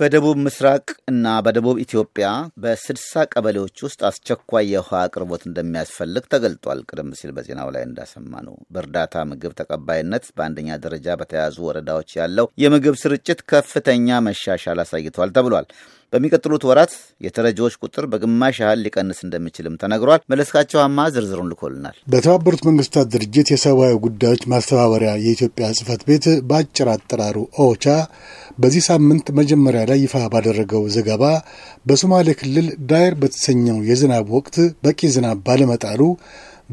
በደቡብ ምስራቅ እና በደቡብ ኢትዮጵያ በ60 ቀበሌዎች ውስጥ አስቸኳይ የውሃ አቅርቦት እንደሚያስፈልግ ተገልጧል። ቅድም ሲል በዜናው ላይ እንዳሰማ ነው። በእርዳታ ምግብ ተቀባይነት በአንደኛ ደረጃ በተያዙ ወረዳዎች ያለው የምግብ ስርጭት ከፍተኛ መሻሻል አሳይቷል ተብሏል። በሚቀጥሉት ወራት የተረጂዎች ቁጥር በግማሽ ያህል ሊቀንስ እንደሚችልም ተነግሯል። መለስካቸው አማ ዝርዝሩን ልኮልናል። በተባበሩት መንግስታት ድርጅት የሰብአዊ ጉዳዮች ማስተባበሪያ የኢትዮጵያ ጽህፈት ቤት በአጭር አጠራሩ ኦቻ በዚህ ሳምንት መጀመሪያ ላይ ይፋ ባደረገው ዘገባ በሶማሌ ክልል ዳይር በተሰኘው የዝናብ ወቅት በቂ ዝናብ ባለመጣሉ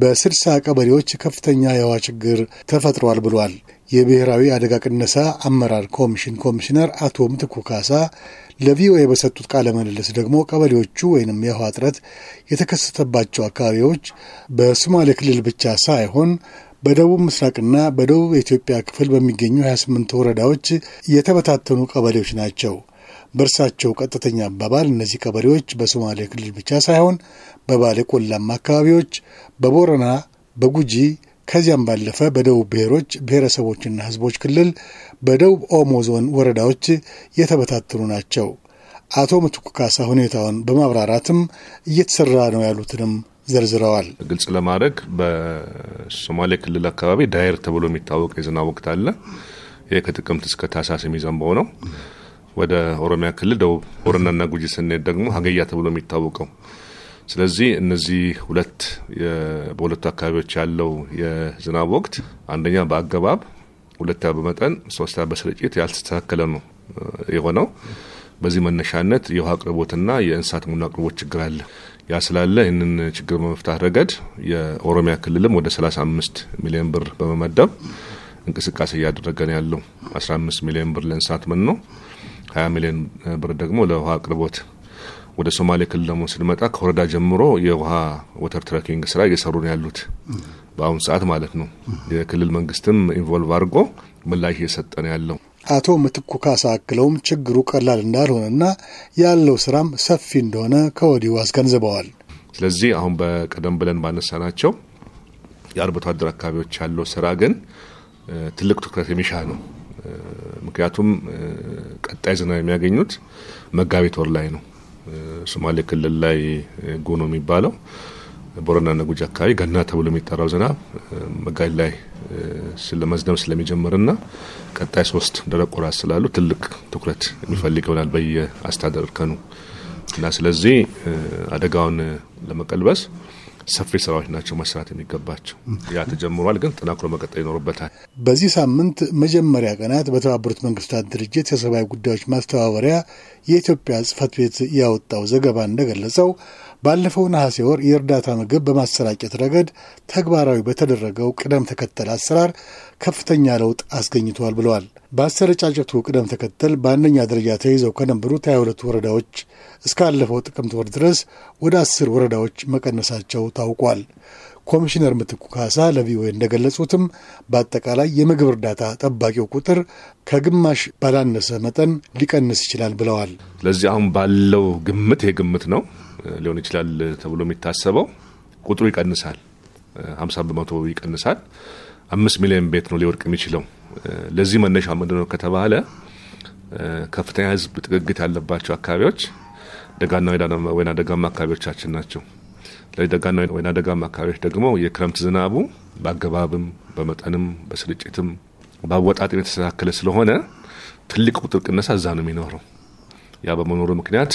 በስልሳ ቀበሌዎች ከፍተኛ የውሃ ችግር ተፈጥሯል ብሏል። የብሔራዊ አደጋ ቅነሳ አመራር ኮሚሽን ኮሚሽነር አቶ ምትኩ ካሳ ለቪኦኤ በሰጡት ቃለ ምልልስ ደግሞ ቀበሌዎቹ ወይንም የውሃ እጥረት የተከሰተባቸው አካባቢዎች በሶማሌ ክልል ብቻ ሳይሆን በደቡብ ምስራቅና በደቡብ የኢትዮጵያ ክፍል በሚገኙ 28 ወረዳዎች የተበታተኑ ቀበሌዎች ናቸው። በእርሳቸው ቀጥተኛ አባባል እነዚህ ቀበሬዎች በሶማሌ ክልል ብቻ ሳይሆን በባሌ ቆላማ አካባቢዎች፣ በቦረና፣ በጉጂ ከዚያም ባለፈ በደቡብ ብሔሮች ብሔረሰቦችና ህዝቦች ክልል በደቡብ ኦሞ ዞን ወረዳዎች የተበታተኑ ናቸው። አቶ ምትኩ ካሳ ሁኔታውን በማብራራትም እየተሰራ ነው ያሉትንም ዘርዝረዋል። ግልጽ ለማድረግ በሶማሌ ክልል አካባቢ ዳይር ተብሎ የሚታወቅ የዝናብ ወቅት አለ። ይህ ከጥቅምት እስከ ታህሳስ የሚዘንበው ነው። ወደ ኦሮሚያ ክልል ደቡብ ቦረናና ጉጂ ስንሄድ ደግሞ ሀገያ ተብሎ የሚታወቀው ስለዚህ እነዚህ ሁለት በሁለቱ አካባቢዎች ያለው የዝናብ ወቅት አንደኛ በአገባብ ሁለተኛ በመጠን ሶስተኛ በስርጭት ያልተስተካከለ ነው የሆነው። በዚህ መነሻነት የውሃ አቅርቦትና የእንስሳት መኖ አቅርቦት ችግር አለ። ያ ስላለ ይህንን ችግር በመፍታት ረገድ የኦሮሚያ ክልልም ወደ 35 ሚሊዮን ብር በመመደብ እንቅስቃሴ እያደረገ ነው ያለው። 15 ሚሊዮን ብር ለእንስሳት መኖ ነው ሀያ ሚሊዮን ብር ደግሞ ለውሃ አቅርቦት ወደ ሶማሌ ክልል ደግሞ ስንመጣ ከወረዳ ጀምሮ የውሃ ወተር ትረኪንግ ስራ እየሰሩ ነው ያሉት በአሁኑ ሰዓት ማለት ነው። የክልል መንግስትም ኢንቮልቭ አድርጎ ምላሽ እየሰጠ ነው ያለው። አቶ ምትኩ ካሳ አክለውም ችግሩ ቀላል እንዳልሆነና ያለው ስራም ሰፊ እንደሆነ ከወዲሁ አስገንዝበዋል። ስለዚህ አሁን በቀደም ብለን ባነሳ ናቸው የአርብቶ አደር አካባቢዎች ያለው ስራ ግን ትልቅ ትኩረት የሚሻ ነው። ምክንያቱም ቀጣይ ዝናብ የሚያገኙት መጋቢት ወር ላይ ነው። ሶማሌ ክልል ላይ ጎኖ የሚባለው ቦረና ነጉጅ አካባቢ ገና ተብሎ የሚጠራው ዝናብ መጋቢት ላይ ስለመዝነብ ስለሚጀምርና ቀጣይ ሶስት ደረቅ ወራት ስላሉ ትልቅ ትኩረት የሚፈልግ ይሆናል በየአስተዳደር እርከኑ እና ስለዚህ አደጋውን ለመቀልበስ ሰፊ ስራዎች ናቸው መስራት የሚገባቸው። ያ ተጀምሯል፣ ግን ተጠናክሮ መቀጠል ይኖርበታል። በዚህ ሳምንት መጀመሪያ ቀናት በተባበሩት መንግስታት ድርጅት የሰብአዊ ጉዳዮች ማስተባበሪያ የኢትዮጵያ ጽህፈት ቤት ያወጣው ዘገባ እንደገለጸው ባለፈው ነሐሴ ወር የእርዳታ ምግብ በማሰራጨት ረገድ ተግባራዊ በተደረገው ቅደም ተከተል አሰራር ከፍተኛ ለውጥ አስገኝቷል ብለዋል። በአሰረጫጨቱ ቅደም ተከተል በአንደኛ ደረጃ ተይዘው ከነበሩት 22 ወረዳዎች እስካለፈው ጥቅምት ወር ድረስ ወደ አስር ወረዳዎች መቀነሳቸው ታውቋል። ኮሚሽነር ምትኩ ካሳ ለቪኦኤ እንደገለጹትም በአጠቃላይ የምግብ እርዳታ ጠባቂው ቁጥር ከግማሽ ባላነሰ መጠን ሊቀንስ ይችላል ብለዋል። ለዚህ አሁን ባለው ግምት የግምት ነው ሊሆን ይችላል ተብሎ የሚታሰበው ቁጥሩ ይቀንሳል። 50 በመቶ ይቀንሳል። አምስት ሚሊዮን ቤት ነው ሊወርቅ የሚችለው። ለዚህ መነሻ ምንድን ነው ከተባለ ከፍተኛ ህዝብ ጥግግት ያለባቸው አካባቢዎች ደጋና ወይና ደጋማ አካባቢዎቻችን ናቸው። ለደጋና ወይና ደጋማ አካባቢዎች ደግሞ የክረምት ዝናቡ በአገባብም በመጠንም በስርጭትም በአወጣጥም የተስተካከለ ስለሆነ ትልቅ ቁጥር ቅነሳ እዛ ነው የሚኖረው። ያ በመኖሩ ምክንያት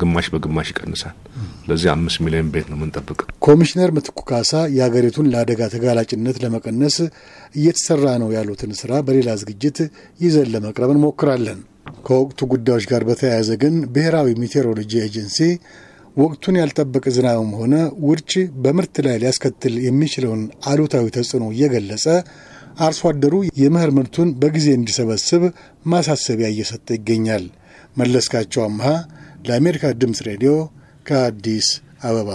ግማሽ በግማሽ ይቀንሳል። ስለዚህ አምስት ሚሊዮን ቤት ነው የምንጠብቅ። ኮሚሽነር ምትኩ ካሳ የሀገሪቱን ለአደጋ ተጋላጭነት ለመቀነስ እየተሰራ ነው ያሉትን ስራ በሌላ ዝግጅት ይዘን ለመቅረብ እንሞክራለን። ከወቅቱ ጉዳዮች ጋር በተያያዘ ግን ብሔራዊ ሜቴሮሎጂ ኤጀንሲ ወቅቱን ያልጠበቀ ዝናብም ሆነ ውርጭ በምርት ላይ ሊያስከትል የሚችለውን አሉታዊ ተጽዕኖ እየገለጸ አርሶ አደሩ የምህር ምርቱን በጊዜ እንዲሰበስብ ማሳሰቢያ እየሰጠ ይገኛል። መለስካቸው አምሃ ለአሜሪካ ድምፅ ሬዲዮ ከአዲስ አበባ